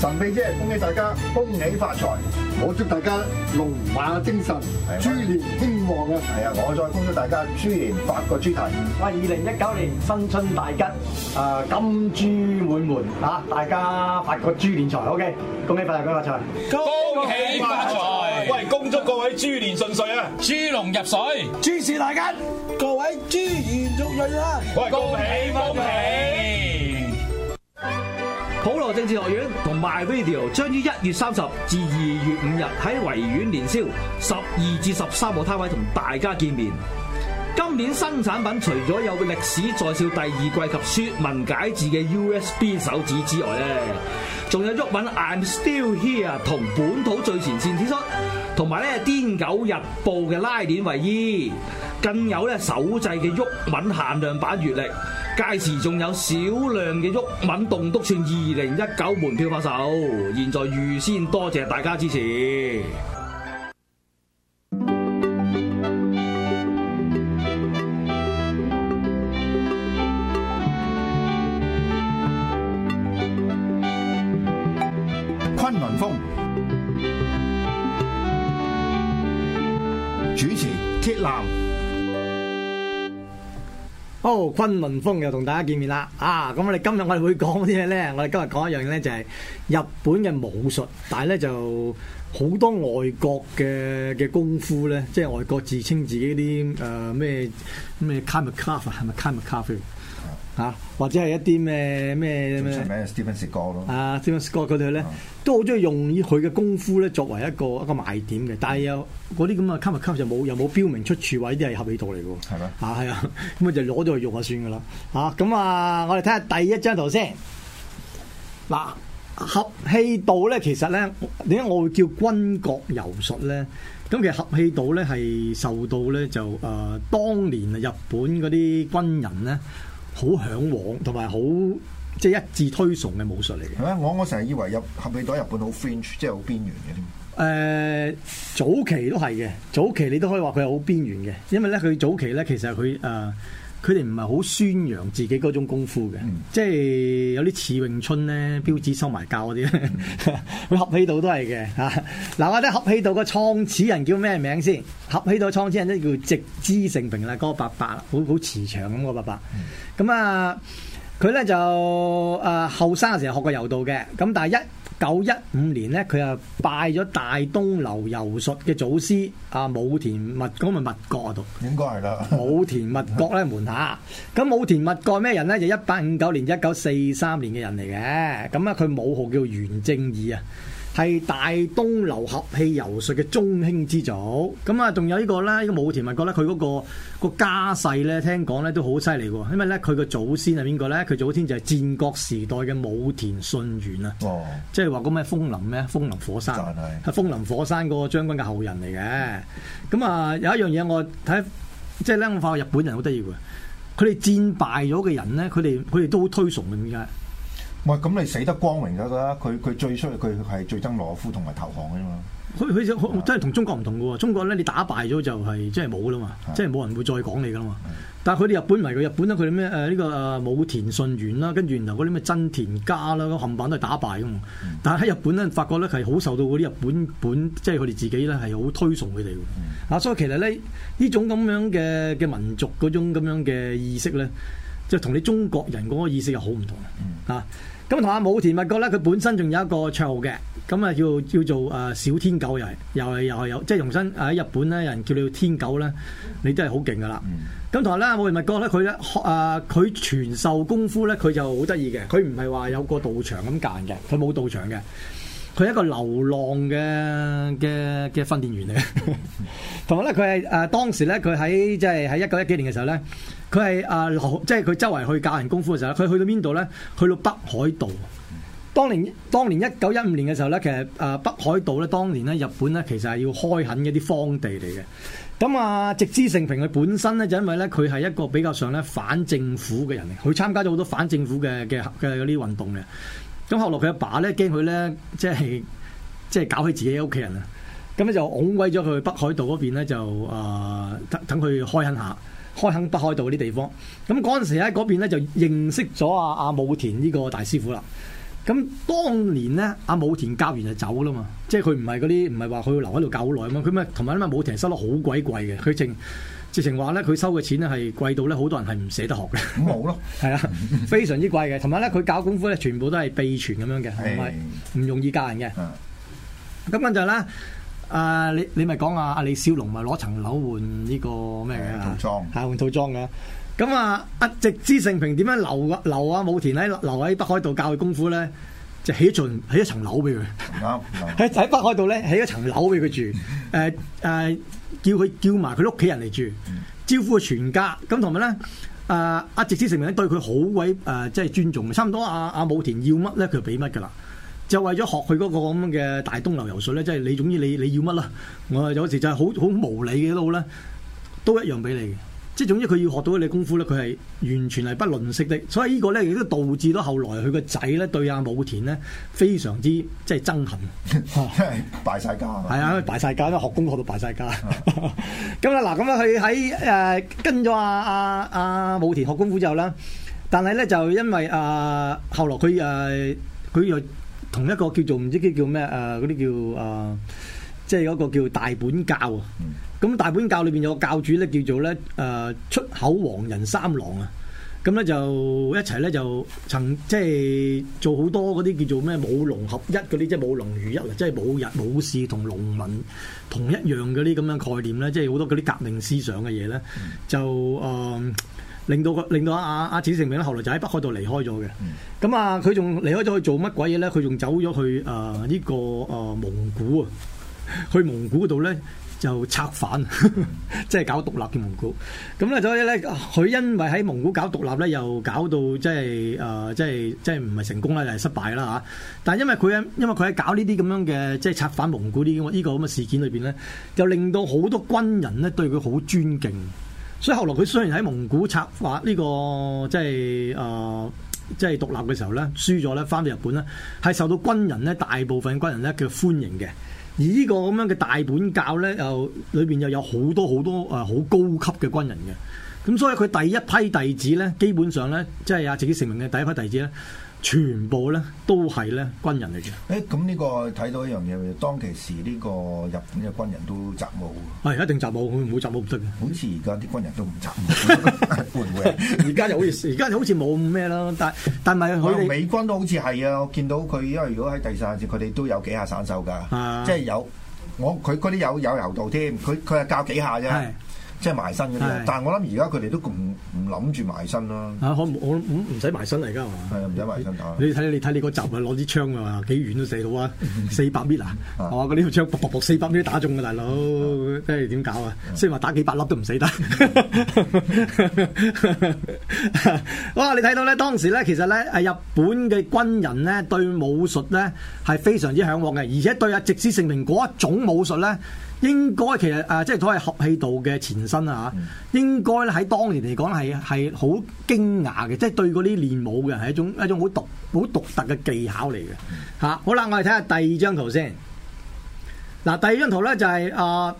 神秘啫，恭喜大家，恭喜發財！我祝大家龍馬精神，豬年興旺啊！係啊，我再恭喜大家，豬年發個豬財！喂，二零一九年新春大吉，啊，金豬滿門嚇！大家發個豬年財，OK，恭喜發大家發財，恭喜發財！喂，恭祝各位豬年順遂啊！豬龍入水，豬事大吉，各位豬年玉瑞啦！喂，恭喜恭喜！普羅政治學院同 MyVideo 將於一月三十至二月五日喺維園年宵十二至十三號攤位同大家見面。今年新產品除咗有歷史再造第二季及說文解字嘅 USB 手指之外咧，仲有作品 I'm Still Here 同本土最前線之書，同埋咧《癲狗日報》嘅拉鏈衛衣，更有咧手製嘅毓民限量版月曆，屆時仲有少量嘅毓民棟篤串二零一九門票發售，現在預先多謝大家支持。哦，崑崙風又同大家見面啦！啊，咁我哋今日我哋會講啲咩咧？我哋今日講一樣嘢咧，就係日本嘅武術，但係咧就好多外國嘅嘅功夫咧，即係外國自稱自己啲誒咩咩卡密咖啡係咪卡密咖啡？呃啊、或者係一啲咩咩咩？最出名 Stephen Scott 咯、啊。 啊, Scott 啊 Stephen Scott 佢哋咧都好中意用佢嘅功夫咧作為一個一個賣點嘅，但係又嗰啲咁嘅 cover 就冇又冇標明出處，位，呢啲係合氣道嚟嘅喎。係咩嗎、啊啊？啊，係啊，咁啊就攞咗去用下算嘅啦。嚇，咁啊，我哋睇下第一張圖先。嗱、啊，合氣道咧，其實咧點解我會叫軍國柔術咧？咁其實合氣道咧係受到咧就誒、呃、當年啊日本嗰啲軍人咧。好向往同埋好即係一致推崇嘅武術嚟嘅，係咪、啊？我我成日以為入合氣道日本好 fringe，即係好邊緣嘅添、呃。早期都係嘅，早期你都可以話佢係好邊緣嘅，因為咧佢早期咧其實佢，呃佢哋唔係好宣揚自己嗰種功夫嘅，嗯、即係有啲似詠春咧，標指收埋教嗰啲佢合氣道都係嘅。嗱，或者合氣道個創始人叫咩名先？合氣道創始人都叫植芝盛平，啦，嗰個伯伯，好好慈祥咁個伯伯，咁、嗯、啊。佢咧就誒後生嘅時候學過柔道嘅，咁但係一九一五年咧，佢啊拜咗大東流柔術嘅祖師啊武田惣角惣角嗰度，應該係啦。武田惣角咧門下，咁 武田惣角咩人咧？就一八五九年一九四三年嘅人嚟嘅，咁啊佢武號叫源正義啊。係大東流合氣柔術嘅中興之祖，咁啊，仲有呢個啦，呢個武田，咪覺得佢嗰個個家世咧，聽講咧都好犀利，因為咧佢個祖先係邊個咧？佢祖先就係戰國時代嘅武田信玄啊，哦，即係話嗰咩風林咩風林火山，係是風林火山嗰個將軍嘅後人嚟嘅。咁啊、嗯，有一樣嘢我睇，即係咧我發覺日本人好得意嘅，佢哋戰敗咗嘅人咧，佢哋佢哋都好推崇嘅，點解？喂，咁你死得光明咗啦！佢佢最衰，佢係最憎羅夫同埋投降嘅啫嘛。佢佢真係同中國唔同嘅喎。中國咧，你打敗咗就係即係冇啦嘛，即係冇的人會再講你噶嘛。的但係佢哋日本嚟佢日本咧佢哋咩呢、啊呢個誒武田信玄啦，跟住然後嗰啲咩真田家啦，嗰冚板都係打敗嘅嘛。但係喺日本咧，發覺咧係好受到嗰啲日本本即係佢哋自己咧係好推崇佢哋啊，的所以其實咧呢種咁樣嘅嘅民族嗰種咁樣嘅意識咧。就同你中國人嗰個意思又好唔同的，嗯、啊咁同阿武田物國咧，佢本身仲有一個綽號嘅，咁啊叫叫做誒、呃、小天狗是又係又係又係有，即係重新喺日本咧，有人叫你天狗咧，你真係好勁噶啦。咁同埋咧武田物國咧，佢咧誒佢傳授功夫咧，佢就好得意嘅，佢唔係話有個道場咁間嘅，佢冇道場嘅。佢係一個流浪嘅嘅嘅訓練員嚟嘅，同埋咧佢係誒當時咧佢喺即係喺一九一幾年嘅時候咧，佢係誒即係佢周圍去教人功夫嘅時候，佢去到邊度咧？去到北海道。當年當年一九一五年嘅時候咧，其實誒、呃、北海道咧，當年咧日本咧，其實係要開墾嗰啲荒地嚟嘅。咁啊，植芝盛平佢本身咧就是、因為咧佢係一個比較上咧反政府嘅人嚟，佢參加咗好多反政府嘅嘅嘅啲運動嘅。咁後來佢阿爸咧驚佢咧，即係即係搞起自己屋企人啊！咁咧就㧬鬼咗佢北海道嗰邊咧，就啊、呃、等等佢開墾下，開墾北海道嗰啲地方。咁嗰陣時喺嗰邊咧就認識咗阿阿武田呢個大師傅啦。咁當年咧阿武田教完就走啦嘛，即係佢唔係嗰啲唔係話佢要留喺度教好耐嘛，佢咪同埋，因為武田收得好鬼貴嘅，佢淨。直情話咧，佢收嘅錢咧係貴到咧，好多人係唔捨得學嘅。冇咯，係啊，非常之貴嘅。同埋咧，佢教功夫咧，全部都係秘傳咁樣嘅，唔係唔容易教人嘅。咁跟住咧，你你咪講啊，李小龍咪攞層樓換呢個咩嘅套裝換套裝嘅。咁圖裝 啊，一、啊、植芝盛平點樣留個啊武田喺留喺北海道教佢功夫咧？就起，起一層起一層樓俾佢。喺喺 北海道咧，起一層樓俾佢住。誒誒、嗯。啊啊叫佢叫埋佢屋企人嚟住，招呼佢全家。咁同埋咧，啊阿植芝盛平對佢好鬼啊，即、呃、係尊重。差唔多阿、啊、阿武田要乜咧，佢俾乜噶啦。就為咗學佢嗰個咁嘅大東流柔術咧，即、就、係、是、你，總之你你要乜啦，我有時就係好好無理嘅都好啦，都一樣俾你。即係總之，佢要學到你的功夫咧，佢係完全係不吝嗇的。所以這個呢個咧亦都導致到後來佢個仔咧對阿武田咧非常之即係憎恨，即係敗晒家係嘛？係啊，敗晒家、啊、家，因為學功夫學到敗晒家。咁啊，嗱， 咁啦，佢喺誒跟咗阿阿阿武田學功夫之後啦，但係咧就因為誒、呃、後來佢誒佢又同一個叫做唔知叫、呃、叫咩誒嗰啲叫誒即係嗰個叫大本教啊。嗯咁大本教裏邊有個教主咧，叫做咧，誒，出口王仁三郎啊。咁咧就一齊咧就曾即係做好多嗰啲叫做咩武農合一嗰啲，即、就、係、是、武農如一啊，即係武日武士同農民同一樣嗰啲咁嘅概念咧，即係好多嗰啲革命思想嘅嘢咧，嗯、就誒、嗯、令到佢令到阿阿植芝盛平咧，後來就喺北海道離開咗嘅。咁啊、嗯，佢仲離開咗去做乜鬼嘢咧？佢仲走咗去誒呢、呃這個誒、呃、蒙古啊，去蒙古嗰度咧。就策反，即 係搞獨立嘅蒙古。咁咧，所以咧，佢因為喺蒙古搞獨立咧，又搞到即係誒，即係、呃、即係唔係成功啦，就係失敗啦嚇。但係因為佢喺，因為佢喺搞呢啲咁樣嘅，即係策反蒙古呢、這個，咁，依個咁嘅事件裏邊咧，就令到好多軍人咧對佢好尊敬。所以後來佢雖然喺蒙古策反呢個即係誒，即係、呃、獨立嘅時候咧輸咗咧，翻到日本咧係受到軍人咧大部分軍人咧嘅歡迎嘅。而呢個咁樣嘅大本教咧，又裏邊又有好多好多誒好高級嘅軍人嘅。咁所以佢第一批弟子咧，基本上咧，即係阿自己成名嘅第一批弟子咧。全部咧都係咧軍人嚟嘅。誒咁呢個睇到一樣嘢，當其時呢個日本嘅軍人都習武。係一定習武，冇冇習武唔得嘅。好似而家啲軍人都唔習武，會唔會？而家就好似而家又好似冇咩啦。但但係我美軍都好似係啊！我見到佢因為如果喺第三次佢哋都有幾下散手㗎，啊、即係有我佢嗰啲有有柔道添，佢佢係教幾下啫。.即係埋身嗰啲，是但係我諗而家佢哋都唔唔諗住埋身咯。啊，可唔使埋身嚟噶？係嘛，唔使埋身你睇了你睇你，你個集啊，攞支槍啊，幾遠都死到啊！四百米啊，我話呢條槍搏搏搏四百米打中嘅，啊、大佬，即係點搞啊？啊雖然話打幾百粒都唔死得。 哇！你睇到呢，當時呢，其實呢，日本嘅軍人呢對武術呢係非常之嚮往嘅，而且對啊，歷史成名嗰一種武術呢，應該其實即係所謂合氣道嘅前身啊！嚇，應該喺當年嚟講係係好驚訝嘅，即係對嗰啲練武嘅係一種一種好獨好獨特嘅技巧嚟嘅、嗯、好啦，我哋睇下第二張圖先。嗱，第二張圖咧就係啊，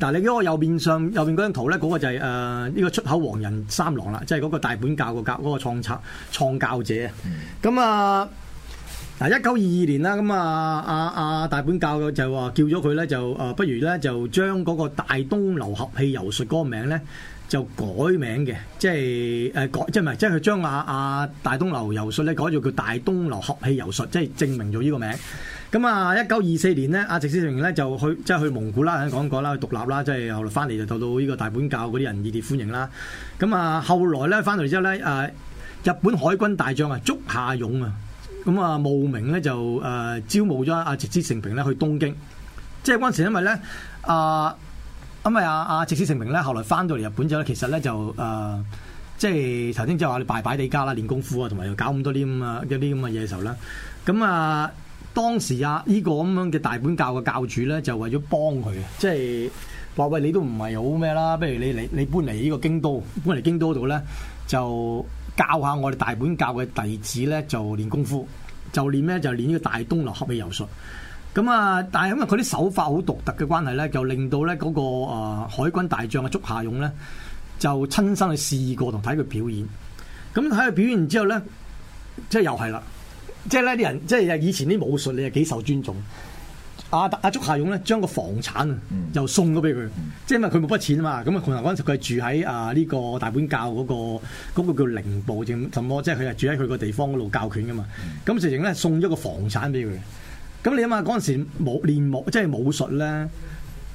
嗱，你喺我右面上右邊嗰張圖咧，嗰、嗰個就係、係、呢、呃呢個出口王仁三郎啦，即係嗰個大本教嘅、嗰個教嗰個創策創教者。咁啊～、呃嗱，一九二二年啦，咁啊，阿、啊、阿大本教就話叫咗佢咧，就誒不如咧就將嗰個大東流合氣柔術個名咧就改名嘅，即係誒改，即係唔係，即係佢將啊啊大東流柔術咧改咗叫大東流合氣柔術，即係證明咗呢個名。咁啊，一九二四年呢，阿植芝盛平咧就去即係去蒙古啦，講講啦，去獨立啦，即係後來翻嚟就到到呢個大本教嗰啲人熱烈歡迎啦。咁啊，後來咧翻到嚟之後咧，日本海軍大將啊，竹下勇啊！咁啊，慕名咧就誒招募咗阿植芝盛平咧去東京，即係嗰陣時，因為咧啊，因為阿植芝盛平咧後來翻到嚟日本之後咧，其實咧就誒、啊，即係頭先就話你拜拜地家啦，練功夫啊，同埋又搞咁多啲咁啊嘅啲咁嘅嘢嘅時候啦。咁啊，當時啊，呢個咁樣嘅大本教嘅教主咧，就為咗幫佢啊，即係話喂，你都唔係好咩啦，不如你你你搬嚟呢個京都，搬嚟京都度咧就。教下我哋大本教嘅弟子咧，就練功夫，就練咩就練呢個大東流合氣柔術。咁啊，但係因為佢啲手法好獨特嘅關係咧，就令到咧、那、嗰個、呃、海軍大將嘅竹下勇咧，就親身去試過同睇佢表演。咁睇佢表演之後咧，即係又係啦，即係呢啲人，即係以前啲武術你係幾受尊重。阿阿竹下勇咧，將個房產又送咗俾佢，即係、嗯、因為佢冇筆錢啊嘛。咁啊，熊牙嗰陣時佢住喺啊呢個大本教嗰、個嗰、個叫綾部定什麼，即係佢係住喺佢個地方度教拳噶嘛。咁直情咧送咗個房產俾佢。咁你諗下嗰陣時冇練武，即係武術咧，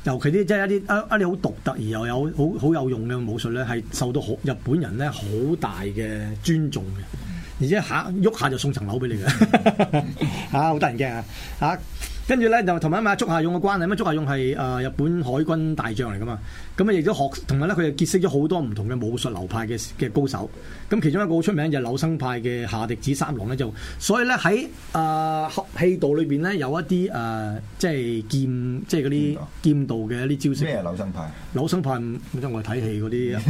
尤其啲即係一啲一啲好獨特而又有好好有用嘅武術咧，係受到好日本人咧好大嘅尊重嘅。而且下喐下就送層樓俾你嘅，嚇、嗯、 好得人驚啊！嚇。跟住咧就同埋阿竹下勇嘅關係，咁竹下勇係、呃、日本海軍大將嚟噶嘛，咁啊亦都學，同埋咧佢又結識咗好多唔同嘅武術流派嘅嘅高手。咁其中一個好出名就係柳生派嘅下笛子三郎咧，就所以咧喺合氣道裏面咧有一啲、呃、即係劍，即係嗰啲劍道嘅一啲招式。咩柳生派？柳生派即係我哋睇戲嗰啲，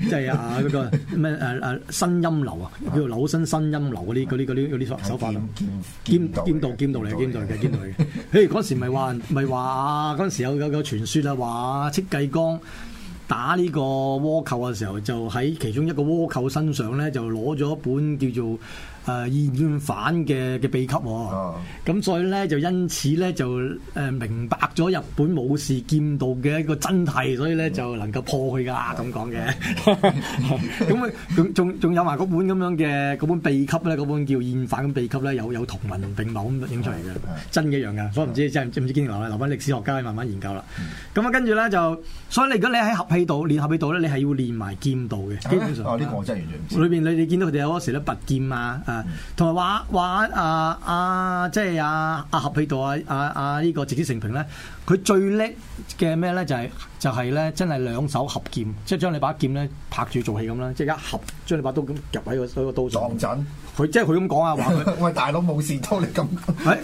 即係 啊嗰、即係啊嗰個咩、啊、新陰流啊，叫做柳生新陰流嗰啲嗰啲嗰啲嗰啲手法劍，劍道劍道嚟嘅劍道嚟嘅劍道嚟嘅。譬如，hey, 嗰時咪話咪話，嗰時有有個傳說啊，話戚繼光打呢個倭寇嘅時候，就喺其中一個倭寇身上咧，就攞咗一本叫做誒厭反嘅嘅秘笈喎，咁所以咧就因此咧就誒明白咗日本武士劍道嘅一個真諦，所以咧就能夠破佢噶，咁講嘅。咁啊，仲仲仲有埋嗰本咁樣嘅嗰本秘笈咧，嗰本叫厭反嘅秘笈咧，有有圖文並茂咁影出嚟嘅，真一樣噶。我唔知真唔唔知堅，定留翻歷史學家去慢慢研究啦。咁啊，跟住咧就，所以你如果你喺合氣道練合氣道咧，你係要練埋劍道嘅，基本上。哦，呢個我真係完全唔知。裏邊你你見到佢哋有嗰時咧拔劍啊～同埋話話阿阿即係阿阿合氣道阿阿阿呢個截肢成平咧，佢最叻嘅咩咧就係、是、就係、是、咧真係兩手合劍，即係將你把劍咧拍住做戲咁啦，即係一合將你把刀咁夾喺個個刀上。佢即係佢咁講啊，話佢喂大佬冇事拖你咁，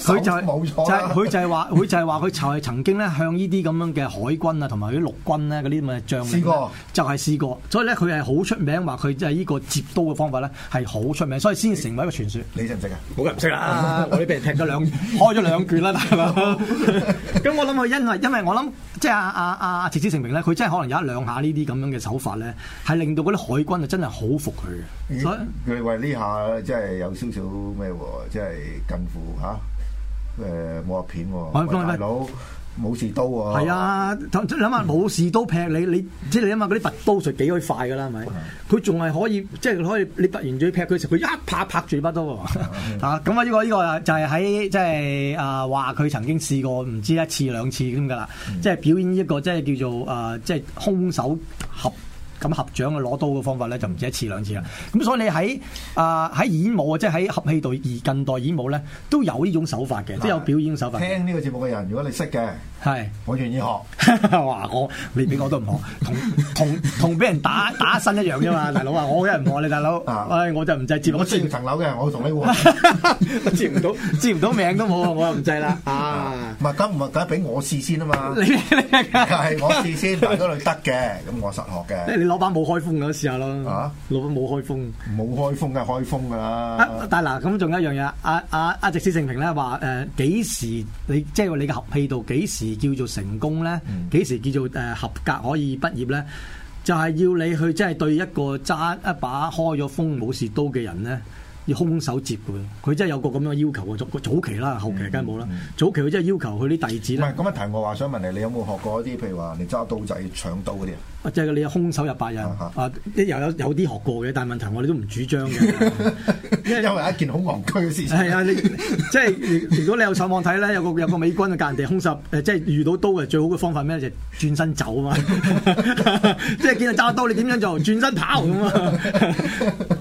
佢就係冇錯，佢就係話佢就係話佢就係曾經咧向呢啲咁樣嘅海軍啊同埋啲陸軍咧嗰啲咁嘅將，試過就係試過，所以咧佢係好出名，話佢即係呢個接刀嘅方法咧係好出名，所以先成為一個傳説、欸。你識唔識嘅？冇人 我唔識啦，我哋俾人踢咗兩 開咗兩拳啦，大佬，咁我諗佢因為因為我諗即係阿阿阿植芝盛平咧，佢真係可能有一兩下呢啲咁樣嘅手法咧，係令到嗰啲海軍啊真係好服佢嘅。咦所以佢為呢下即係。即有少少咩喎？即係近乎吓？誒武俠片喎，佬武士刀喎。係啊，諗下武士刀劈你，你知你諗下嗰啲拔刀術幾鬼以快噶啦，係咪佢仲係可以即係、就是、可以你突然嘴劈佢時，佢一拍一拍住把刀喎。咁啊，呢個呢個就係喺即係啊話佢曾經試過唔知道一次兩次咁噶啦，嗯、即係表演一個即係、就是、叫做啊即係空手合。咁合掌嘅攞刀嘅方法咧，就唔止一次兩次啦。咁所以你喺啊喺演武，即係喺合氣道而近代演武咧，都有呢種手法嘅，即係有表演手法。聽呢個節目嘅人，的如果你識嘅，係的我願意學。 哇！我你俾我都唔學，同同同俾人打打身一樣啫嘛。大佬啊，我一人唔學你大佬。我就唔制接，我接層樓嘅，我同你 接唔到，接唔到名都冇我又唔制啦。啊，唔係咁唔係咁，俾我試先啊嘛。係我試先，大家都得嘅，咁我實學嘅。老闆冇開封嘅，試下咯。嚇、啊，老闆冇開封，冇開封梗係開封㗎啦、啊。但係嗱，咁、啊、仲有一樣嘢，阿阿阿植芝盛平咧話誒，幾、呃、時你即係你嘅合氣道幾時叫做成功咧？幾時叫做誒合格可以畢業咧？就係、是、要你去即係對一個揸一把開咗封武士刀嘅人咧。要空手接佢，佢真係有個咁樣要求。早期啦，後期梗係冇啦。嗯嗯、早期佢真係要求佢啲弟子咧。唔係咁啊！題外話想問你，你有冇學過一啲譬如話揸刀仔、搶刀嗰啲啊？即係你空手入白刃，啊！又、啊、有有啲學過嘅，但係問題我哋都唔主張嘅， 啊、因為因為有一件好戇居嘅事情。係啊，你即係如果你有上網睇咧，有個有個美軍嘅隔人哋空手，即係遇到刀嘅最好嘅方法咩？就係、轉身走啊嘛！ 即係見到揸刀，你點樣做？轉身跑咁啊！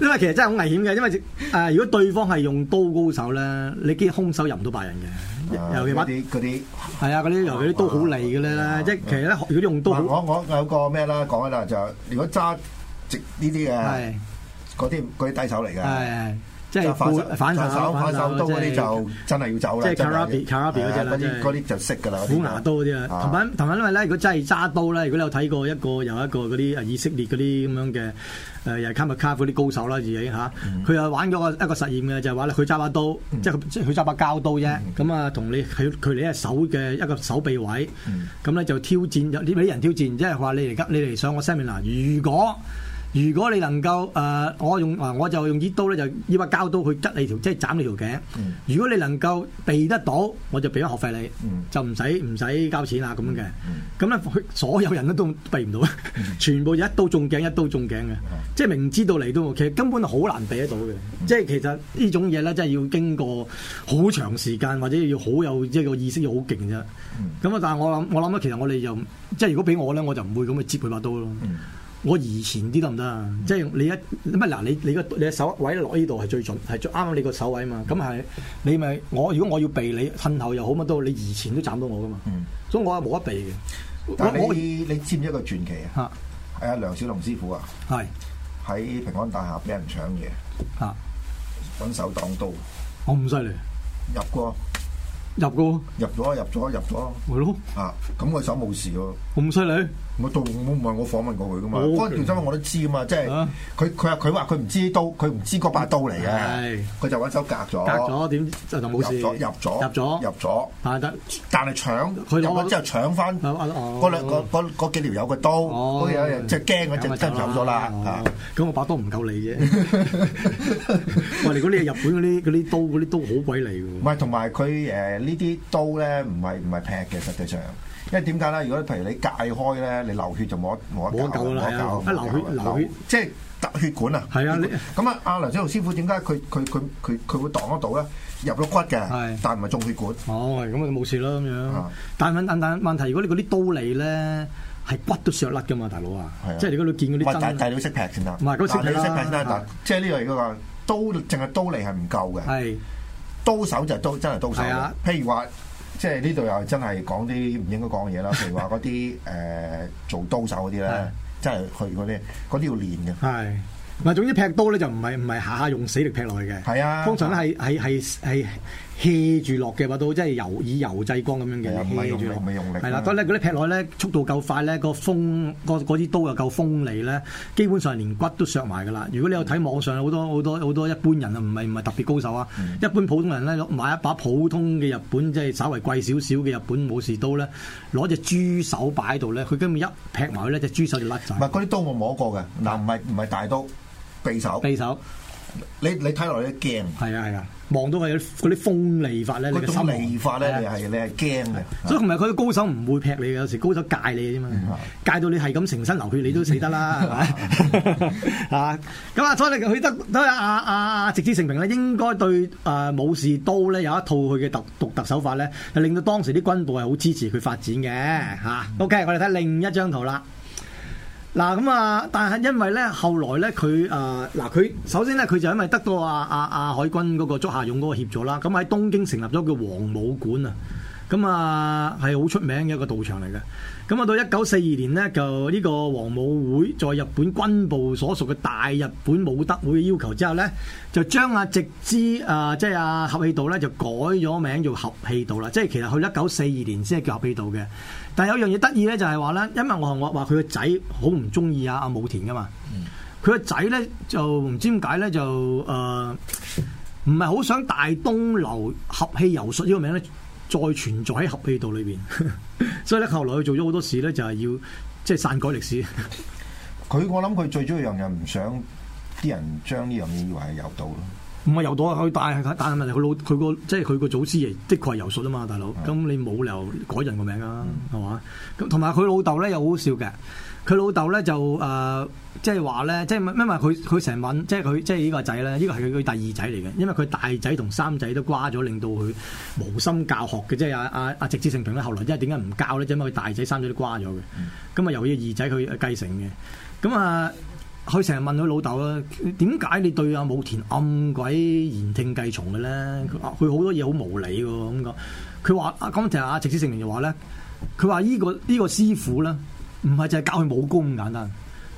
因為其實真係好危險嘅，因為。啊！如果對方係用刀高手咧，你堅空手入唔到白刃嘅，啊、尤其嗰啲啲係啊，嗰啲尤其啲刀好利嘅咧，即係其實咧，如果用刀我，我我有個咩啦講啦，就如果揸直呢啲嘅，嗰啲嗰啲低手嚟嘅。即係反手反手、反手，反手刀嗰啲就真係要走啦。即係卡拉比、卡拉比嗰隻啦，嗰啲就識噶啦。虎牙刀嗰啲啊，同埋同埋，因為咧，如果真係揸刀咧，如果你有睇過一個又一個嗰啲以色列嗰啲咁樣嘅誒，又卡麥卡夫啲高手啦，自己吓，佢又玩咗個一個實驗嘅，就係話佢揸把刀，即係佢揸把膠刀啫。咁啊、嗯，同你佢距離一手嘅一個手臂位，咁咧、嗯、就挑戰有呢啲人挑戰，即係話你嚟今你嚟上我 seminar，如果。如果你能夠誒、呃，我用我就用刀咧，就呢、膠、把刀去拮你條，即係斬你條頸。嗯、如果你能夠避得到，我就俾咗學費你，嗯、就唔使唔使交錢啊咁樣嘅。咁咧、嗯，嗯嗯、所有人都避唔到，全部一刀中頸，一刀中頸嘅，嗯、即係明知道嚟都，其實根本好難避得到嘅。嗯、即係其實呢種嘢咧，真係要經過好長時間，或者要好有一、即係、個意識要好勁啫。咁啊、嗯，但係我諗，我諗其實我哋就即係如果俾我咧，我就唔會咁去接佢把刀咯。嗯我移前啲得唔得啊？即係你一乜嗱，你你個你個手位落呢度係最準，係最啱你個手位啊嘛。咁係你咪我，如果我要避你，趁頭又好乜都你移前都斬到我噶嘛。所以我係冇得避嘅。但係你你占一個傳奇啊？係啊，梁小龍師傅啊，係喺平安大廈俾人搶嘢啊，用手擋刀，咁犀利！入過，入過，入咗，入咗，入咗，係咯。啊，咁個手冇事喎，咁犀利！我做唔係我訪問過佢噶嘛，嗰條新聞我都知噶嘛，即係佢佢話佢佢唔知刀，佢唔知嗰把刀嚟嘅，佢就搵手隔咗，點就就冇事。入咗入咗入咗，但係搶搶佢入咗之後搶翻嗰兩幾條友嘅刀，嗰友即驚嗰陣真走咗啦。咁我把刀唔夠利嘅。喂，你啲日本嗰啲啲刀嗰啲刀好鬼利喎。唔係，同埋佢誒呢啲刀咧，唔係唔係劈嘅實際上。因為點解咧？如果譬如你戒開咧，你流血就冇冇得救。冇救啦，係啊！流血即係隔血管啊。係啊，咁啊，阿梁小龍師傅點解佢佢佢佢佢會擋得到咧？入咗骨嘅，但係唔係中血管。哦，咁咪冇事咯咁樣。但問但但問題，如果你嗰啲刀嚟咧，係骨都削甩噶嘛，大佬啊！即係如果你見嗰啲真，大佬識劈先得。唔係，嗰個識劈啦。即係呢樣嘢嗰個刀，淨係刀嚟係唔夠嘅。刀手就係刀真係刀手。譬如話。即係呢度又真係講啲唔應該講嘅嘢啦，譬如話嗰啲誒做刀手嗰啲咧，即係 去嗰啲，嗰啲要練嘅。係，唔係總之劈刀咧就唔係唔係下下用死力劈落去嘅。係啊，通常咧係係係係。卸住落嘅話，都即係柔，以柔制剛咁樣嘅。唔係、哎、呀用力，係啦，嗰啲嗰啲劈落咧，速度夠快咧，個鋒啲刀又夠鋒利咧，基本上連骨都削埋㗎啦。如果你有睇網上好多好多好多一般人啊，唔係唔係特別高手啊，嗯、一般普通人咧買一把普通嘅日本即係稍為貴少少嘅日本武士刀咧，攞隻豬手擺喺度咧，佢根本一劈埋去咧，隻、嗯、豬手就甩晒。唔係嗰啲刀我摸過嘅，嗱唔係唔係大刀，匕首。匕首，你你睇落去你驚。係啊係啊。望到佢嗰啲鋒利法咧，你嘅心理法咧，你係你係驚嘅。所以同埋佢高手唔會劈你嘅，有時高手戒你嘅啫嘛，戒到你係咁成身流血，你都死得啦，係咪？咁啊，所以你去得，咁啊，植芝盛平咧，應該對啊武士刀咧有一套佢嘅特獨特手法咧，係令到當時啲軍部係好支持佢發展嘅。嚇，OK，我哋睇另一張圖啦。嗱咁啊！但係因為咧，後來咧，佢誒嗱，佢首先咧，佢就因為得到阿阿海軍嗰個竹下勇嗰個協助啦，咁喺東京成立咗個皇武館啊！咁啊係好出名嘅一個道場嚟嘅。咁啊到一九四二年呢，就呢個皇武會在日本軍部所屬嘅大日本武德會嘅要求之後咧，就將啊植芝啊即係啊合氣道咧就改咗名做合氣道啦。即係其實去一九四二年先係叫合氣道嘅。但有樣嘢得意咧，就係話咧，因為我話我話佢個仔好唔中意阿阿武田噶嘛，佢個仔咧就唔知點解咧就誒唔係好想大東流合氣柔術呢個名咧再存在喺合氣道裏邊，所以咧後來佢做咗好多事咧就係、是、要即係、就是、篡改歷史。佢我諗佢最中意樣嘢，唔想啲人將呢樣嘢以為係柔道咯。唔係由到佢帶，但係問佢老佢個即係佢個祖師爺，即係的確係柔術啊嘛，大佬。咁你冇理由改人個名啊，係嘛、嗯？咁同埋佢老豆咧又好笑嘅。佢老豆咧就誒，即係話咧，即係因為佢佢成日問，即係佢即係呢個仔咧，呢個係佢嘅第二仔嚟嘅。因為佢、這個、大仔同三仔都瓜咗，令到佢無心教學嘅。即係阿阿阿植芝盛平咧，後來因為點解唔教咧？即係因為，為，因為大仔、三仔都瓜咗嘅。咁啊，由佢二仔佢繼承嘅。咁、嗯、啊。嗯佢成日問佢老豆啊，點解你對阿武田暗鬼言聽計從嘅咧？佢佢好多嘢好無理嘅咁講。佢話啊，咁成日阿植芝盛平就話咧，佢話呢個依、呢個師傅咧，唔係淨係教佢武功咁簡單，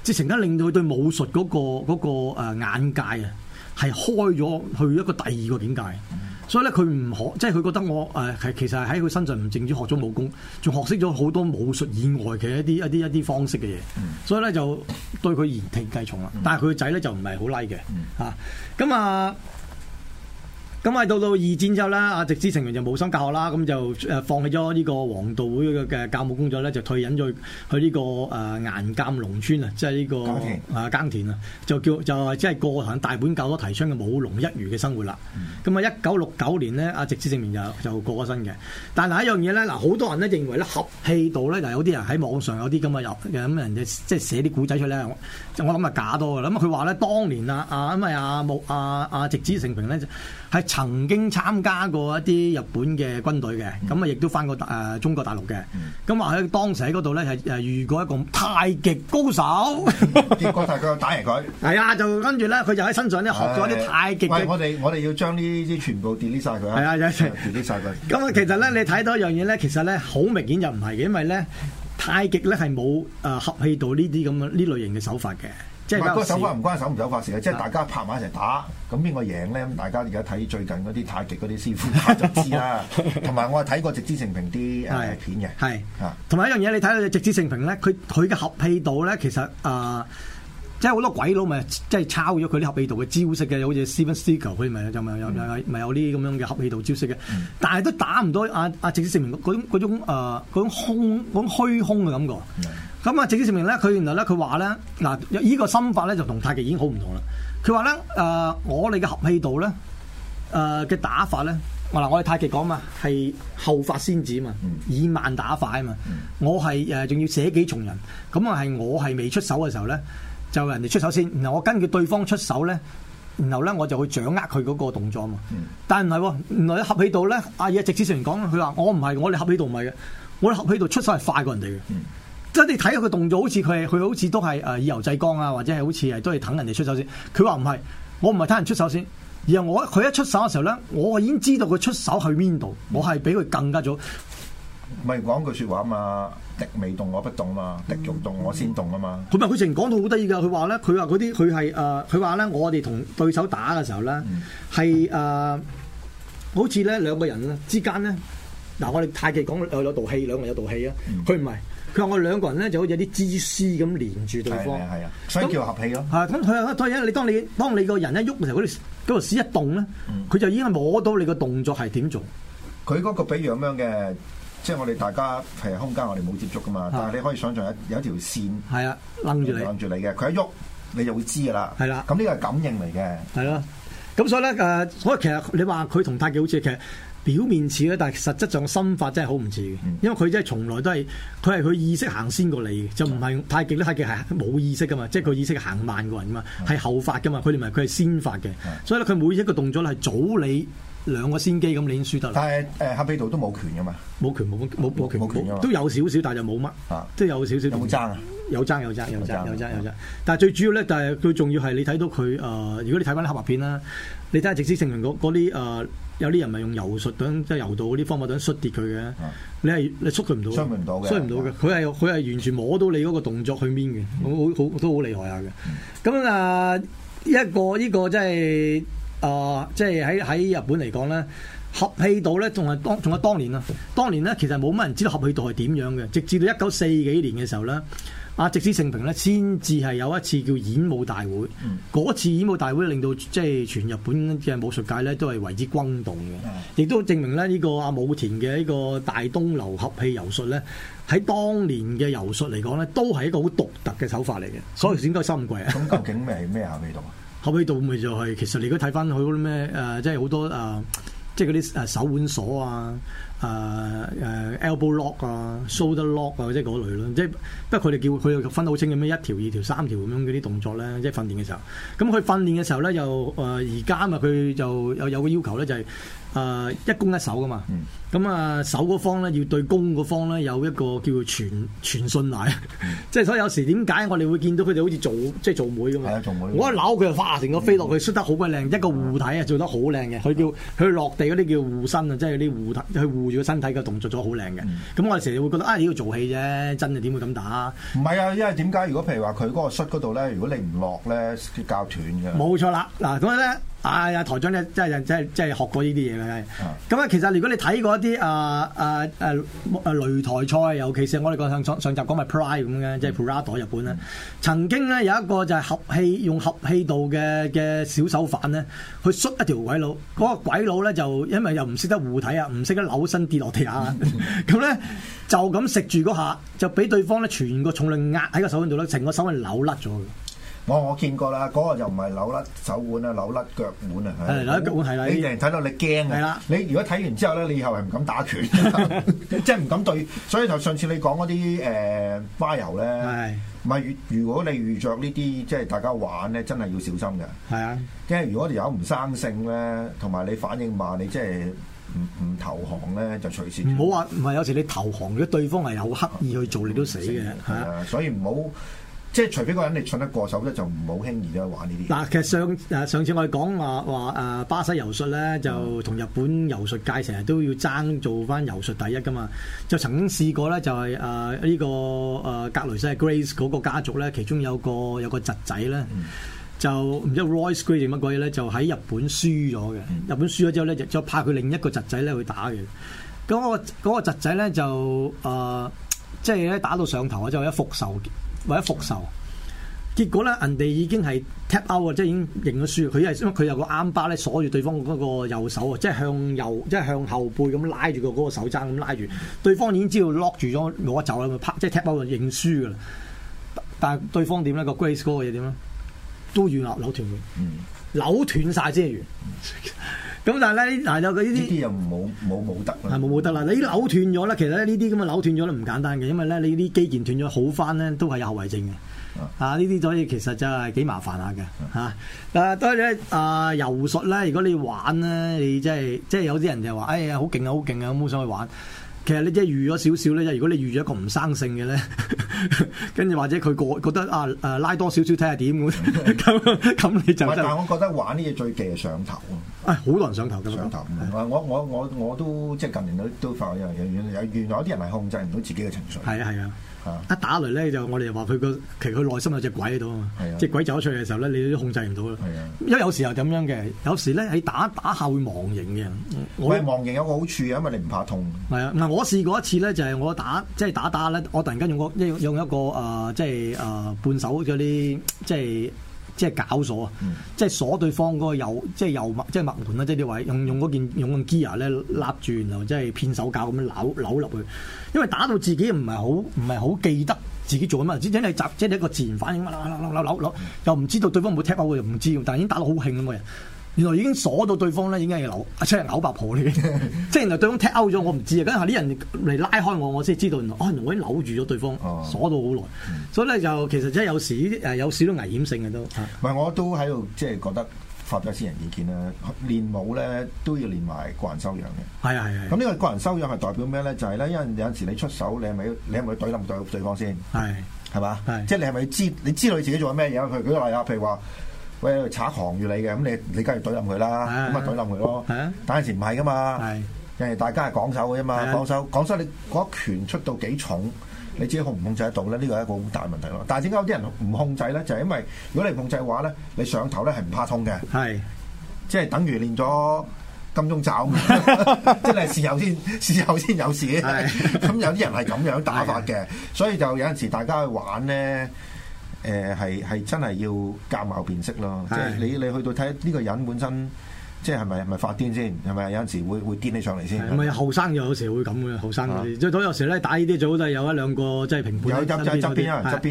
即係成家令到佢對武術嗰、嗰個嗰、嗰個、眼界啊，係開咗去一個第二個境界。所以咧，佢唔可，即係佢覺得我誒，係、呃、其實喺佢身上唔淨止學咗武功，仲學識咗好多武術以外嘅一啲一啲一啲方式嘅嘢。嗯、所以咧就對佢言聽計從啦。嗯、但係佢個仔咧就唔係好 like 嘅嚇。咁、嗯、啊～咁啊，到到二戰之後呢，阿直子成平就冇心教學啦，咁就放棄咗呢個黃道會嘅教務工作咧，就退隱咗去呢個誒岩間農村啊，即係呢個耕田啊，就叫就即係過響大本教所提倡嘅武農一如嘅生活啦。咁啊，一九六九年咧，阿直子成平就就過咗身嘅。但係一樣嘢咧，嗱好多人咧認為咧，合氣道咧，嗱有啲人喺網上有啲咁嘅又咁人嘅，即係寫啲古仔出嚟，我諗係假多嘅。咁佢話咧，當年啊，啊因為阿木阿阿直子成平咧就曾經參加過一啲日本嘅軍隊嘅，咁啊、嗯、亦都翻過大、呃、中國大陸嘅，咁話喺當時喺嗰度咧係誒遇過一個太極高手，結果係佢打贏佢。係 啊，就跟住咧，佢就喺身上咧學咗啲太極。喂，我哋我哋要將呢啲全部 delete 曬佢。係啊，delete 曬佢。咁啊，其實咧你睇到一樣嘢咧，其實咧好明顯就唔係嘅，因為咧太極咧係冇誒合氣道呢啲咁嘅呢類型嘅手法嘅。唔係、那個、手法唔關手唔手法事嘅，的即係大家拍埋一齊打，咁邊個贏咧？咁大家而家睇最近嗰啲太極嗰啲師傅就知啦。同埋 我係睇過直平的《植芝盛平》啲誒片嘅，係，同埋一樣嘢，你睇到《植芝盛平》咧，佢佢嘅合氣道咧，其實誒、呃，即係好多鬼佬咪即係抄咗佢啲合氣道嘅招式嘅，好似 Steven Seagal 佢咪咪有啲咁、就是、樣嘅合氣道招式嘅，mm hmm. 但係都打唔到阿、啊、阿、啊、植芝盛平嗰種嗰種、呃、種空嗰虛空嘅感覺。Mm hmm. 咁啊！直接成明咧，佢原來咧，佢話咧，嗱，呢個心法咧就同太極已經好唔同啦。佢話咧，誒、呃，我哋嘅合氣道咧，誒、呃、嘅打法咧，嗱，我哋太極講啊，係後發先至啊，嘛，嗯、以慢打快啊，嘛，嗯、我係仲、呃、要捨己從人，咁啊，係我係未出手嘅時候咧，就人哋出手先，然後我根據對方出手咧，然後咧我就去掌握佢嗰個動作啊嘛。嗯、但係喎、哦，原來喺合氣道咧，阿、啊、嘢直接成明講，佢話我唔係，我哋合氣道唔係嘅，我哋合氣道出手係快過人哋嘅。嗯。即係你睇佢個動作好似佢，他好似佢係佢好似都係誒，以柔制剛啊，或者係好似係都係等人哋出手先。佢話唔係，我唔係睇人出手先，而係我佢一出手嘅時候咧，我已經知道佢出手去邊度，嗯、我係比佢更加早。咪講句說話嘛，敵未動我不動嘛，敵欲動我先動啊嘛。佢咪佢成日講到好得意噶，佢話咧，佢話嗰啲佢係誒，佢話咧，我哋同對手打嘅時候咧，係誒、嗯呃，好似咧兩個人之間咧，嗱我哋太極講有有道氣，兩個人有道氣啊，佢唔係。佢話我哋兩個人咧就好似有啲蛛絲咁連住對方，係啊，所以叫合氣咯、啊。係咁，佢啊，你當你當個人一喐嘅時候，嗰條絲一動咧，佢、嗯、就已經摸到你個動作係點做。佢嗰個比如咁樣嘅，即係我哋大家誒空間，我哋冇接觸噶嘛，的但係你可以想象有一條線，係啊，楞住你楞住你嘅，佢一喐你就會知噶啦。係啦的，咁呢個係感應嚟嘅。係咯，咁所以咧誒、呃，所以其實你話佢同太極好似其實。表面似咧，但係實質上心法真係好唔似嘅，因為佢真係從來都係佢係佢意識行先過你嘅，就唔係太極咧。太極係冇意識噶嘛，即係佢意識行慢過人噶嘛，係、嗯、後發噶嘛。佢唔係佢係先發嘅，嗯、所以咧佢每一個動作咧係早你兩個先機咁，你已經輸得啦。但係誒，合氣道都冇權噶嘛，冇權冇冇冇冇冇，都有少少、啊，但係就冇乜，即係有少少。有冇爭有爭有爭有爭有爭差、嗯、有爭，有嗯、但係最主要咧，但係佢仲要係你睇到佢誒，如果你睇翻黑白片啦，你睇下《直接性人》嗰啲誒。有啲人咪用柔術等即係柔道嗰啲方法等摔跌佢嘅，你係你摔佢唔到嘅，摔唔到嘅，佢係佢係完全摸到你嗰個動作去掹嘅，好好、嗯、都好厲害下嘅。咁啊一個呢個即係啊即係喺喺日本嚟講咧，合氣道咧仲係當仲係當年啊，當年咧其實冇乜人知道合氣道係點樣嘅，直至到一九四幾年嘅時候咧。阿直至盛平咧，先至係有一次叫演武大會，嗰、嗯、次演武大會令到即係全日本嘅武術界咧，都係為之轟動嘅，亦、嗯、都證明咧呢個阿武田嘅呢個大東流合氣柔術咧，喺當年嘅柔術嚟講咧，都係一個好獨特嘅手法嚟嘅。嗯、所以點解心季貴啊？咁、嗯、究竟咩係咩啊？味道啊？後尾到咪就係、是，其實你如果睇翻佢嗰啲咩誒，即係好多、呃、即係嗰啲誒手腕鎖啊。誒誒、uh, uh, elbow lock 啊、shoulder lock 啊，即係嗰類咯。即、就、係、是、不過佢哋叫佢又分得好清咁樣一條、二條、三條咁樣嗰啲動作咧，即係訓練嘅時候。咁佢訓練嘅時候咧，又誒而家啊佢就有有個要求咧、就是，就係誒一攻一守噶嘛。咁、嗯、啊，守嗰方咧要對攻嗰方咧有一個叫做傳傳信賴。即係、嗯 就是、所以有時點解我哋會見到佢哋好似做即係、就是、做妹咁樣，我一扭佢就嘩成個飛落去，出得好鬼靚一個護體啊，做得好靚嘅。佢、嗯、叫佢落地嗰啲叫護身啊，即係啲護體去護。如果身體嘅動作做得好靚嘅，咁、嗯、我哋成日會覺得啊、哎，你要做戲啫，真係點會咁打？唔係啊，因為點解？如果譬如話佢嗰個膝嗰度咧，如果你唔落咧，啲較斷嘅。冇錯啦，嗱咁樣咧。啊！啊台長咧，真係真係真係學過呢啲嘢嘅。咁啊，其實如果你睇過一啲啊啊啊啊擂台賽，尤其是我哋講上上集講埋 Pride 咁嘅，即係 Pride 日本咧，嗯、曾經咧有一個就係合氣用合氣道嘅嘅小手法咧，去摔一條鬼佬。嗰、嗯、個鬼佬咧就因為又唔識得護體啊，唔識得扭身跌落地下，咁咧、嗯、 就咁食住嗰下，就俾對方咧全個重力壓喺個手腕度咧，成個手腕扭甩咗我我見過啦，嗰個就唔係扭甩手腕啊，扭甩腳腕啊，係扭甩腳腕係啦。你成日睇到你驚啊！係啦，你如果睇完之後咧，你以後係唔敢打拳，即係唔敢對。所以就上次你講嗰啲誒花油咧，係唔係？如果你遇着呢啲，即係大家玩咧，真係要小心嘅。係啊，即係如果條友唔生性咧，同埋你反應慢，你即係唔唔投降咧，就隨時唔好話唔係有時你投降，如果對方係有刻意去做，你都死嘅嚇。所以唔好。即係，除非個人你蠢得過手咧，就唔好輕易咧玩呢啲。嗱，其實上誒上次我哋講話話誒巴西柔術咧，就同日本柔術界成日都要爭做返柔術第一㗎嘛。就曾經試過咧，就係誒呢個誒、呃、格雷西 Grace 嗰個家族咧，其中有個有個侄仔咧、嗯，就唔知 Royce Grace 定乜鬼嘢咧，就喺日本輸咗嘅。日本輸咗之後咧，就再派佢另一個侄仔咧去打嘅。咁、嗰、嗰、個嗰個侄仔咧就誒、呃，即係咧打到上頭啊，就為咗復仇。為咗復仇，結果咧，人哋已經係 tap out 啊，即係已經認咗輸。佢係因為佢有個 arm bar 咧鎖住對方嗰個右手啊，即係向右，即係向後背咁拉住個嗰個手踭咁拉住。對方已經知道 lock 住咗，攞走啦，即係 tap out 認輸噶啦。但係對方點咧？個 Grace 哥嘅嘢點咧？都要啦扭斷嘅，扭斷曬啫完。咁、嗯、 但係咧，嗱，有佢呢啲，啲又冇冇冇得啦。冇冇得啦！你扭斷咗啦，其實呢啲咁嘅扭斷咗咧，唔簡單嘅，因為咧你啲肌腱斷咗好翻咧，都係有後遺症嘅。啊，呢啲、啊、所以其實就係幾麻煩下嘅嚇。啊，當然啊，柔術咧，如果你玩咧，你即係即係有啲人就話：哎呀，好勁啊，好勁啊，咁冇想去玩？其實你即係預咗少少咧，即如果你預咗一個唔生性嘅咧，跟住或者佢個覺得啊誒，拉多少少睇下點咁咁 你就但係我覺得玩呢嘢最忌係上頭啊！誒、哎，好多人上頭噶，上頭啊！我我我我都即係近年都都發覺有有有原來有啲人係控制唔到自己嘅情緒。係啊係啊。一打雷咧，我就我哋又話佢個其實佢內心有隻鬼喺度啊嘛，隻是的 鬼走咗出嚟嘅時候咧，你都控制唔到咯。是的 因為有時候咁樣嘅，有時咧，你打打下會忘形嘅。喂麼，我也忘形有個好處，因為你唔怕痛。係啊，嗱，我試過一次咧，就係我打即係打打咧，我突然間用個用用一個、呃、即係啊、呃，半手嗰啲即係。即係絞鎖啊！即係鎖對方嗰個右，即係右脈，即係脈門啦！即係呢位用用嗰件用個 gear 咧揦住，然後即係騙手架咁樣扭扭落去。因為打到自己唔係好唔係好記得自己做緊乜，只係集即係一個自然反應，扭扭扭扭又唔知道對方有冇踢我，又唔知。但係已經打到好興咁嘅人。原來已經鎖到對方咧，已經係扭，出嚟扭伯婆呢。嘅即係原來對方踢勾咗，我唔知啊。跟住啲人嚟拉開我，我先知道原來，原來我已經扭住咗對方，哦、鎖到好耐。嗯、所以咧就其實即係有時呢有少少危險性嘅都。唔係，我都喺度即係覺得發表私人意見啦。練武咧都要練埋個人修養嘅。係啊係啊。咁呢個個人修養係代表咩咧？就係咧，因為有陣時你出手，你係咪你係咪要對冧對對方先？係係嘛？即係是 你係咪知你知道你自己做緊咩嘢？譬如舉個例啊，譬如話。喂，度住你嘅，咁你你梗係懟冧佢啦，咁咪懟冧佢咯。啊、但係以前唔係噶嘛，啊、人哋大家係講手嘅啫嘛、啊，講手講手，你嗰拳出到幾重，你自己控唔控制得到咧？呢、呢個係一個好大問題咯。但係點解有啲人唔控制咧？就係、是、因為如果你控制嘅話咧，你上頭咧係唔怕痛嘅，係、啊、即係等於練咗金鐘罩，即係、啊、 事後先事後先有事。咁、啊嗯、有啲人係咁樣打法嘅，啊、所以就有陣時大家去玩咧。誒，係係真係要夾貌辨色咯，即係是的 你你去到睇呢個人本身。即係係咪咪發癲先？係咪有陣時會會癲起上嚟先？唔係後生又有時會咁嘅，後生嘅即係嗰有時咧打呢啲最好都係有一兩個即係評判，有有側邊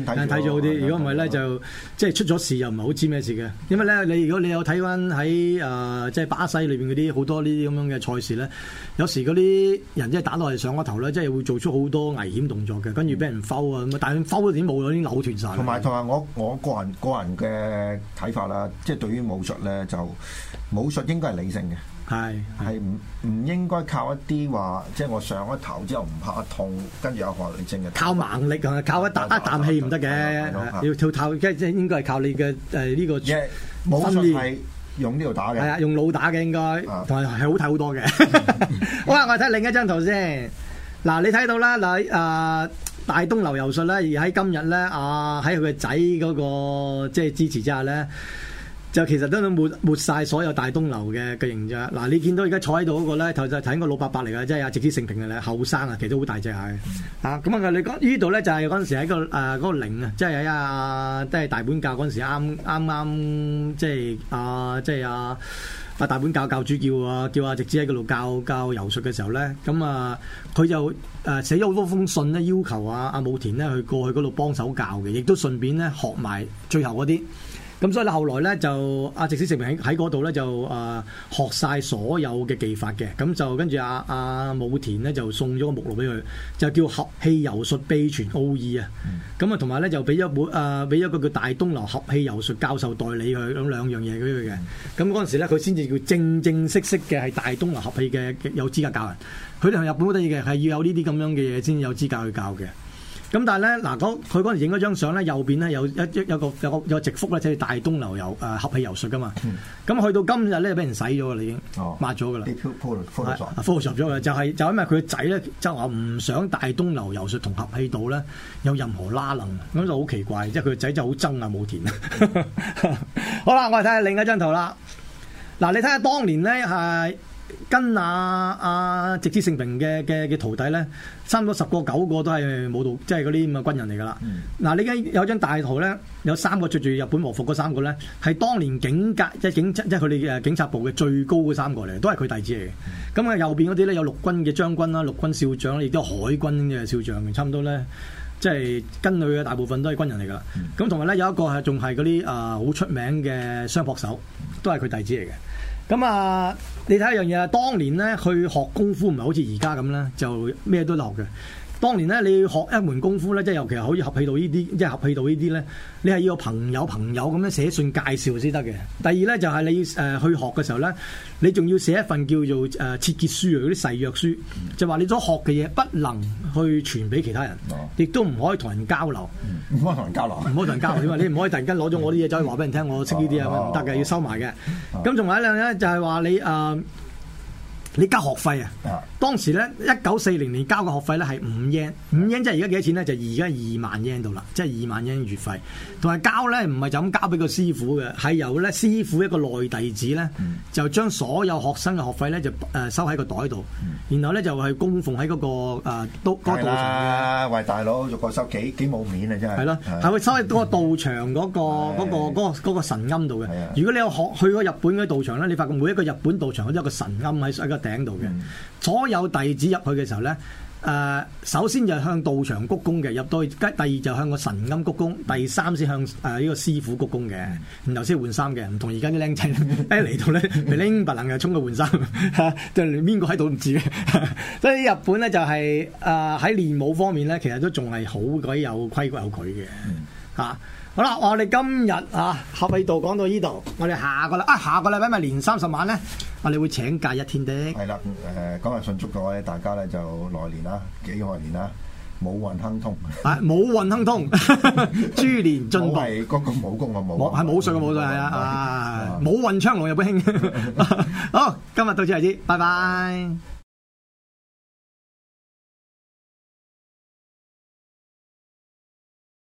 有人睇睇就好啲，如果唔係咧就即係出咗事又唔係好知咩事嘅。因為咧你如果你有睇翻喺誒即係巴西裏邊嗰啲好多呢啲咁樣嘅賽事咧，有時嗰啲人即係打落嚟上個頭咧，即係會做出好多危險動作嘅，跟住俾人摟啊但係摟都已經冇已經扭斷晒。同埋同埋我我個人個人嘅睇法啦，即係對於武術咧就。武術應該係理性嘅，係係唔唔應該靠一啲話，即係我上咗頭之後唔怕痛，跟住有化女症嘅。靠猛力啊，靠一啖一啖氣唔得嘅，是要跳靠即係即係應該係靠你嘅誒呢個訓練，武是用呢度打嘅，係啊，用腦打嘅應該，同埋係好睇好多嘅。好啊，好看 好我睇另一張圖先。嗱，你睇到啦，嗱、呃、誒大東流柔術咧，而喺今日咧，啊喺佢嘅仔嗰個即係支持之下咧。就其實都係抹抹曬所有大東流嘅嘅形象。嗱，你見到而家坐喺度嗰個咧，頭就係應該老伯伯嚟噶，即係阿直子成平嘅咧，後生啊，其實都好大隻下嘅。咁啊，你講呢度咧就係嗰陣時喺、嗰個啊嗰、嗰個啊，即係喺阿即係大本教嗰陣時啱啱啱即係啊即係阿阿大本教教主叫啊叫阿直子喺嗰度教教柔術嘅時候咧，咁啊佢就誒寫咗好多封信咧，要求啊阿武田呢去過去嗰度幫手教嘅，亦都順便咧學埋最後嗰啲。咁所以後後來咧就阿植芝盛平喺嗰度咧就啊、呃、學晒所有嘅技法嘅，咁就跟住阿阿武田咧就送咗個目錄俾佢，就叫合氣柔術秘傳奧義、嗯。啊，咁啊同埋咧就俾一本啊俾一個叫大東流合氣柔術教授代理，佢咁兩樣嘢俾佢嘅，咁嗰陣時咧佢先至叫正正式式嘅係大東流合氣嘅有資格教人，佢哋喺日本好得意嘅，係要有呢啲咁樣嘅嘢先有資格去教嘅。咁但係咧，嗱，佢嗰陣影咗張相咧，右邊咧有一有個有個有直幅咧，即、就、係、是、大東流遊合氣柔術噶嘛。咁去 到今日咧，俾人洗咗噶啦，已經抹咗噶啦。Photoshop 咗嘅，就係、是、就因為佢個仔咧，就係話唔想大東流柔術同合氣道咧有任何拉楞，咁就好奇怪，即係佢個仔就好憎啊，武田。 好啦，我哋睇下另一張圖啦。嗱，你睇下當年咧係。跟啊，阿、啊、植芝盛平嘅嘅嘅徒弟咧，差唔多十個九個都係武道，即係嗰啲咁嘅軍人嚟噶啦。嗱、嗯，你而家有張大圖咧，有三個着住日本和服嗰三個咧，係當年警界，即係警，即係佢哋誒警察部嘅最高嗰三個嚟，都係佢弟子嚟嘅。咁啊、嗯，右邊嗰啲咧有陸軍嘅將軍啦，陸軍少將，亦都係海軍嘅少將，差唔多咧，即、就、係、是、跟佢嘅大部分都係軍人嚟噶。咁同埋咧有一個係仲係嗰啲誒好出名嘅雙撲手，都係佢弟子嚟嘅。咁啊，你睇一樣嘢啊，當年咧去學功夫唔係好似而家咁啦，就咩都留嘅。當年咧，你學一門功夫咧，即尤其係可以合氣道呢啲，即係合氣道呢啲咧，你係要有朋友朋友咁樣寫信介紹先得嘅。第二咧，就係你要去學嘅時候咧，你仲要寫一份叫做誒切結書啊，嗰啲誓約書，嗯、就話你所學嘅嘢不能去傳俾其他人，啊、亦都唔可以同人交流，唔、嗯、可以同人交流，唔可以同人交流，你唔可以突然間攞咗我啲嘢走去話俾人聽，嗯、我識呢啲啊，啊，唔得嘅，要收埋嘅。咁仲有一樣咧，就係話你誒。你交學費啊？啊，當時咧一九四零年交嘅學費咧係五英，五英即係而家幾多錢咧？就而家二萬英度 n 啦，即係二萬英月費。同埋交咧唔係就咁交俾個師傅嘅，係由咧師傅一個內弟子咧就將所有學生嘅學費咧就誒收喺個袋度，然後咧就係供奉喺嗰個誒都嗰個。係、呃、啦、道場啊，喂大佬，做個收幾幾冇面啊，真係。係咯、啊，係、啊、會收喺嗰個道場嗰、嗰個嗰、啊、個神庵度嘅。如果你有學去過日本嘅道場咧，你發覺每一個日本道場都有一個神庵喺頂度嘅，所有弟子入去嘅時候咧，誒、呃，首先就是向道場鞠躬嘅，入到去，第二就是向個神庵鞠躬，第三先向誒呢個師傅鞠躬嘅，然後先換衫嘅，唔同而 家啲僆仔一嚟到咧，bling b l i 衝去換衫，吓，就連邊個喺度唔知，所以日本咧就係誒喺練武方面咧，其實都仲係好鬼有規矩有矩嘅，吓。 嗯好啦，我哋今日啊，合氣道講到呢度，我哋下個啦，啊下個禮拜咪年三十晚咧，我哋會請假一天的。係啦，誒、呃，講完順祝各位大家咧就來年啦，幾賀年啦，武運亨通。啊，武運亨通，豬 年進步。唔係嗰個武功個武，係武術個武術係啊，對對啊，武運昌隆又會興。 好，今日到此為止，拜拜。拜拜。